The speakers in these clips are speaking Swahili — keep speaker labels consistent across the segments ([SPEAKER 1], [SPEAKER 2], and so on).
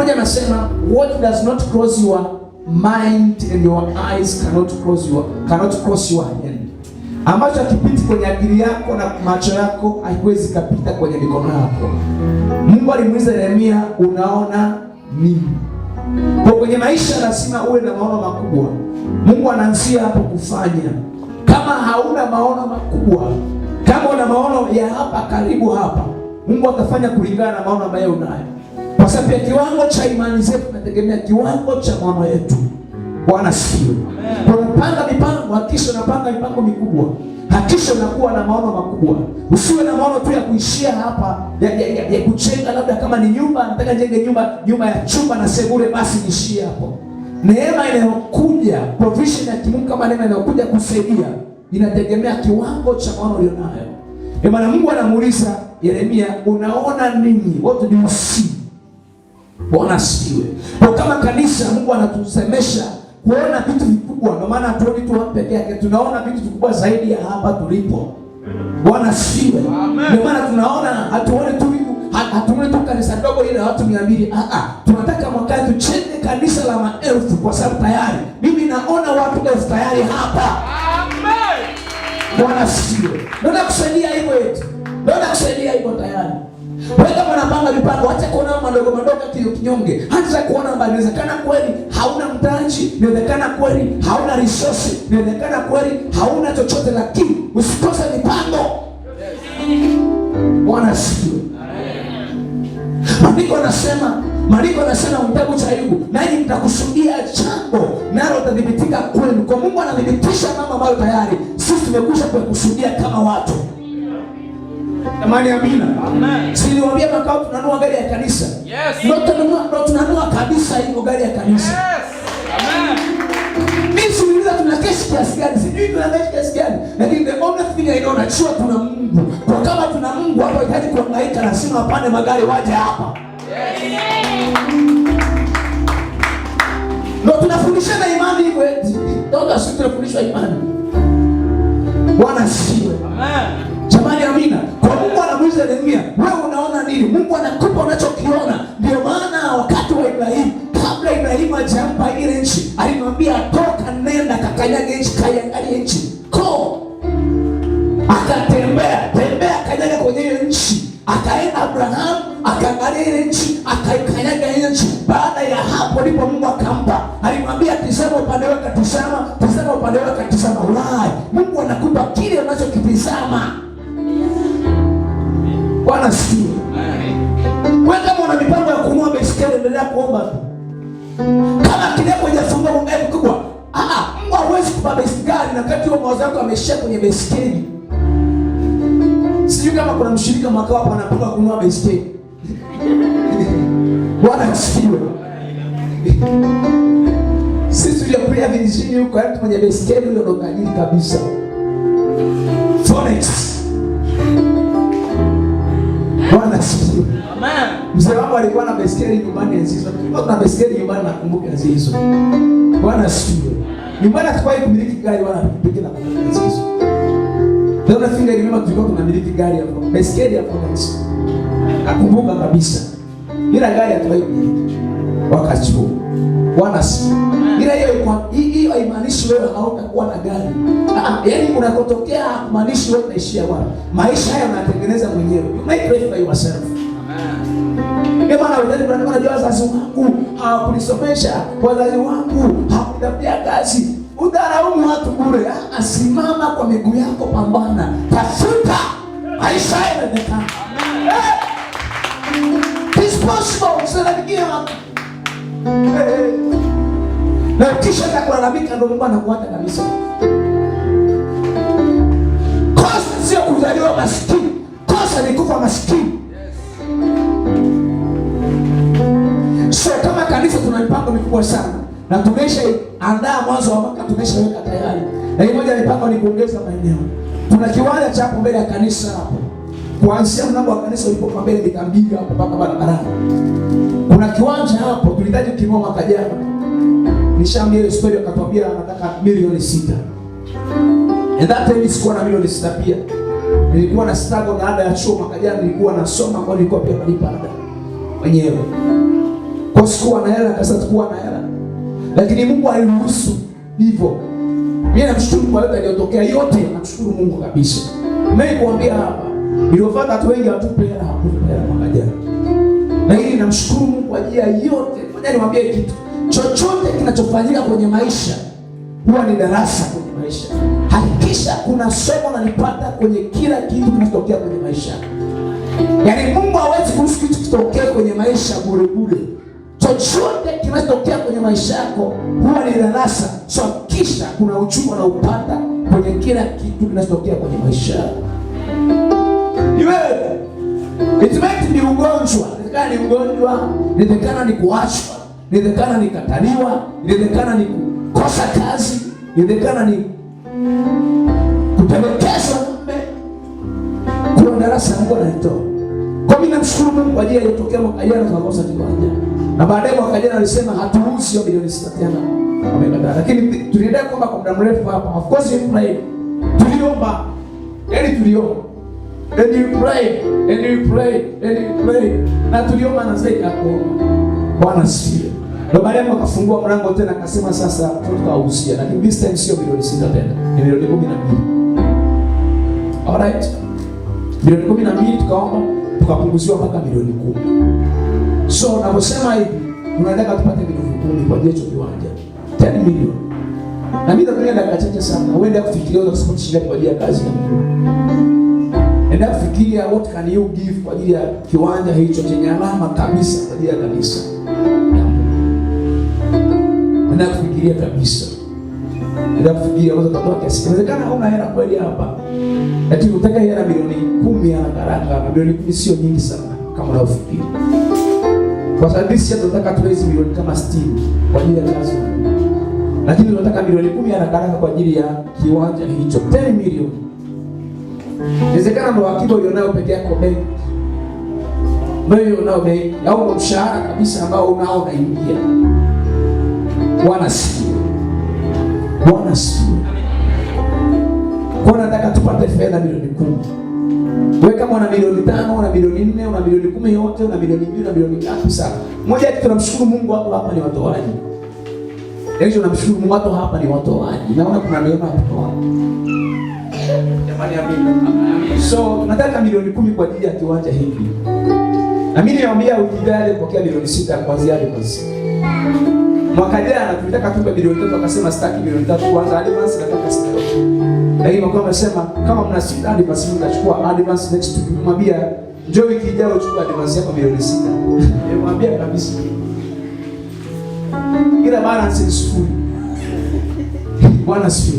[SPEAKER 1] moja anasema what does not cross your mind and your eyes cannot cross your cannot cross your hand, ambacho akipiti kwenye akili yako na macho yako haiwezi kapita kwenye mikono yako. Mungu alimuuliza Yeremia, unaona nini? Kwa kwenye maisha lazima uwe na maono makubwa. Mungu anaanzia hapo kufanya. Kama hauna maono makubwa, kama una maono ya hapa karibu hapa, Mungu atafanya kulingana na maono ambayo unayo sababu pia kiwango cha imani zetu tunategemea kiwango cha maono yetu. Bwana sio kwa kupanga mipango, hakisha unapanga mipango mikubwa, hakisha unakuwa na maono makubwa. Usiwe na maono tu ya kuishia hapa ya, ya, ya, ya kuchenga, labda kama ni nyumba, nataka jenge nyumba nyumba ya chumba na sebule, basi niishie hapo. Neema inayokuja provision ya kimungu kama neema inayokuja kusaidia inategemea kiwango cha maono ulionayo. Ndio maana Mungu anamuuliza Yeremia, unaona nini? What do you see? Bwana asifiwe. Kwa kama kanisa, Mungu anatusemesha kuona vitu vikubwa, ndio maana hatuoni tu hapa peke yake, tunaona vitu vikubwa zaidi ya hapa tulipo. Bwana asifiwe. Ndio maana tunaona hatuoni tu hivi, hatuoni tu kanisa dogo ile watu 200. Ah ah, tunataka mwakati tuchenge kanisa la maelfu, kwa sababu tayari mimi naona watu elfu tayari hapa. Amen. Bwana asifiwe. Ndio kusaidia hivyo yetu. Ndio kusaidia hivyo tayari. Wewe kama unapanga mipango, acha kuona madogo madogo hata kinyonge, hata kuona mbali. Inawezekana kweli hauna mtaji, inawezekana kweli hauna resource, inawezekana kweli hauna chochote, lakini usikose mipango. Bwana asifiwe. Maandiko anasema Maandiko anasema kitabu cha Ayubu, nanyi mtakusudia jambo nalo litadhibitika kwenu. Kwa Mungu anadhibitisha mambo ambayo tayari sisi tumekwisha kuyakusudia kama watu. Jamani, amina. Siliwambia makao tunanua gari ya kanisa. Yes. Ndio tunanua, ndio tunanua kabisa hiyo gari ya kanisa. Yes. Amen. Mimi siuliza tuna keshi kiasi gani? Sijui tuna keshi kiasi gani. Lakini the only thing I know na sure tuna Mungu. Kwa kama tuna Mungu hapo hitaji kuhangaika na sima pande magari waje hapa. Yes. Ndio na imani hivyo eti. Ndio tunafundishwa imani. Bwana siwe. Amen. Mungu anakupa unachokiona. Ndio maana wakati wa Ibrahimu, kabla Ibrahimu hajampa ile nchi, alimwambia toka, nenda kakanyage nchi, kaiangalie nchi ko, akatembea tembea, akanyaga kwenye ile nchi, akaenda Abrahamu akaangalia ile nchi, akaikanyaga ile nchi. Baada ya hapo ndipo Mungu akampa, alimwambia tizama upande wake kuomba tu. Kama kile kwenye fungo Mungu mkubwa, ah, Mungu hawezi kubeba gari na kati hiyo mawazo yako yameishia kwenye baiskeli. Sijui kama kuna mshirika mwaka wapo anapanga kununua baiskeli. Bwana asifiwe. Sisi kulia vijijini huko, hata yaani mwenye baiskeli huyo ndo tajiri kabisa. Phoenix. Bwana asifiwe. Amen. Mzee wangu alikuwa na baiskeli nyumbani ya Zizo. Tulikuwa tuna baiskeli nyumbani na nakumbuka ya Zizo. Bwana asifiwe. Nyumbani hatukuwahi kumiliki gari wala pikipiki na kumiliki Zizo. Leo nafikiria ni mama tulikuwa tunamiliki gari hapo. Baiskeli hapo kabisa. Nakumbuka kabisa. Bila gari hatuwahi kumiliki. Wakati huo. Bwana asifiwe. Bila hiyo ilikuwa hiyo haimaanishi wewe hautakuwa na gari. Ah, yaani unakotokea haimaanishi wewe unaishia wapi. Maisha haya unatengeneza mwenyewe. You might pray for yourself. Ndio maana wazazi kuna kama najua wazazi wangu hawakunisomesha, wazazi wangu hawakutafutia kazi. Udharaumu watu bure. Asimama ah, kwa miguu yako, pambana, tafuta, maisha yanawezekana. It's possible, so that give up. Na kisha za kulalamika ndio Mungu anakuacha kabisa. Kosa sio kuzaliwa maskini. Kosa ni kufa maskini. Kanisa tuna mipango mikubwa sana na tumesha andaa mwanzo wa mwaka, tumeshaweka tayari, lakini moja mipango ni kuongeza maeneo. Tuna kiwanja cha hapo mbele ya kanisa hapo, kuanzia mlango wa kanisa ulipokuwa mbele mita hapo mpaka barabarani, kuna kiwanja hapo. Tulihitaji kimo mwaka jana, nishaambia hiyo story, akatwambia anataka milioni sita. And that time sikuwa na milioni sita pia, nilikuwa na struggle na ada ya chuo. Mwaka jana nilikuwa nasoma kwa, nilikuwa pia nalipa ada mwenyewe sikuwa na hela, kasa sikuwa na hela, lakini Mungu aliruhusu hivyo. Mimi namshukuru kwa leo iliyotokea yote, namshukuru Mungu kabisa. Mimi kuambia hapa niliofata watu wengi watupe hela, hakupe hela mwaka jana, lakini namshukuru Mungu kwa ajili ya yote. Ngoja niwaambie kitu, chochote kinachofanyika kwenye maisha huwa ni darasa kwenye maisha. Hakikisha kuna somo nalipata kwenye kila kitu kinachotokea kwenye maisha. Yaani Mungu hawezi kuruhusu kitu kitokee kwenye maisha bure bure chochote kinachotokea kwenye maisha yako huwa ni darasa. So kisha kuna na upanda kwenye kila kitu kinachotokea kwenye maisha yako. Iwe ni ugonjwa, inawezekana ni ugonjwa, inawezekana ni kuachwa, inawezekana ni kataliwa, inawezekana ni kukosa kazi, inawezekana ni kutelekezwa mume. Kuna darasa Mungu anatoa. Kwa mimi namshukuru Mungu kwa ajili ya kutokea mwaka jana tunakosa kiwanja na baadaye mwaka jana alisema hatuhusi hiyo milioni sita tena, wamekataa. Lakini tuliendelea kuomba kwa muda mrefu hapa, of course you pray, tuliomba yani, tuliomba and you pray and you pray and you pray, na tuliomba na zaidi ya kuomba. Bwana asifiwe. Ndio baadaye akafungua mlango tena, akasema sasa tutawahusia, lakini this time sio milioni sita tena, ni milioni kumi na mbili. Alright, milioni kumi na mbili tukaomba, tukapunguziwa mpaka milioni kumi. So navyosema hivi, unataka tupate milioni kumi kwa jecho kiwanja 10 milioni, na mimi nitatumia dakika chache sana, uende kufikiria na kusema shida kwa ajili ya kazi ya Mungu. Enda kufikiria what can you give kwa ajili ya kiwanja hicho chenye alama kabisa kwa ajili ya kanisa. Enda kufikiria kabisa, enda kufikiria unaweza kutoa kiasi, inawezekana huna hela kweli hapa, lakini utaka hela milioni kumi ya haraka. Milioni 10 sio nyingi sana kama unafikiri. Wahandisi tunataka tuweze milioni kama 60 kwa ajili ya kazi. Lakini tunataka milioni 10 anakaraka kwa ajili ya kiwanja hicho. 10 milioni. Inawezekana ndio akiba ulionayo peke yako benki. Wewe unao benki au mshahara kabisa ambao unao unaingia. Bwana sikia. Bwana sikia. Kwa nataka tupate fedha milioni 10. Wewe kama una milioni tano, una milioni nne, una milioni kumi yote, una milioni mbili, una milioni tatu sawa. Moja kitu tunamshukuru Mungu hapo hapa ni watoaji. Yaani tunamshukuru Mungu hapo hapa ni watoaji. Naona kuna neema hapo. Jamani amini. So tunataka milioni kumi kwa ajili ya kiwanja hiki. Na mimi niwaambia ujidale pokea milioni sita kuanzia leo. Mwaka jana tulitaka tupe bilioni tatu, akasema sitaki bilioni tatu kwanza advance, nataka sitaki. Lakini mkuu amesema kama mna sita advance, mtachukua advance next week. Mwambia njoo wiki ijayo chukua advance yako bilioni sita. Nimwambia kabisa, ila balance ni sifuri. Bwana sio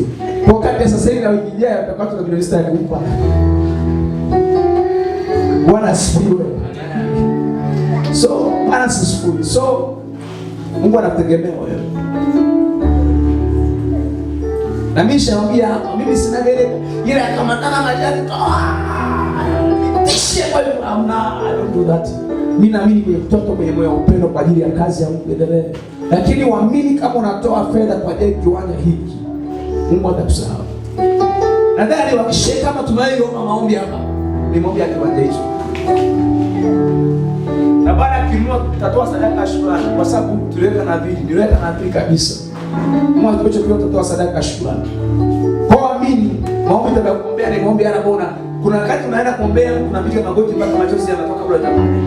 [SPEAKER 1] kwa kati ya sasa hivi na wiki ijayo tutakata na bilioni sita ya kumpa Bwana sio so balance ni sifuri so Mungu anakutegemea wewe. Na mimi nishaambia mimi sina ile kama akamatana majani toa. Tishe kwa hiyo amna, I don't do that. Mimi naamini kwenye mtoto mwenye moyo wa upendo kwa ajili ya kazi ya Mungu endelee. Lakini waamini kama unatoa fedha kwa ajili ya kiwanja hiki, Mungu atakusahau. Nadhani wakishe kama tunayoiomba maombi hapa, ni maombi ya kiwanja hicho na baada ya kuinua tutatoa sadaka shukrani, kwa sababu tuliweka nadhiri, niliweka nadhiri kabisa mwa kicho pia tutatoa sadaka shukrani. Kwa amini maombi tutakayokuombea ni maombi yanabona. Kuna wakati unaenda kuombea unapiga magoti mpaka machozi yanatoka kabla hujamwomba.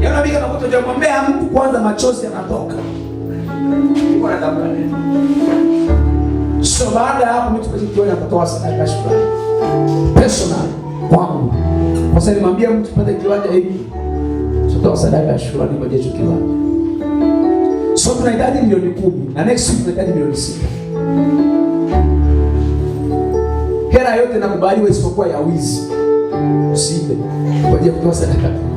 [SPEAKER 1] Yaani unapiga magoti hujamwombea mtu kwanza machozi yanatoka. kwa na dhambi So baada ya hapo mtu kwa kitu anatoa sadaka shukrani. Personal kwangu. Sasa nimwambia mtu pale kiwanja hiki tutatoa sadaka ya shukrani kwa jicho kiwanja. So tunahitaji milioni kumi na next week tunahitaji milioni sita. Hela yote nakubaliwa isipokuwa ya wizi. usipe kwa ajili ya kutoa sadaka.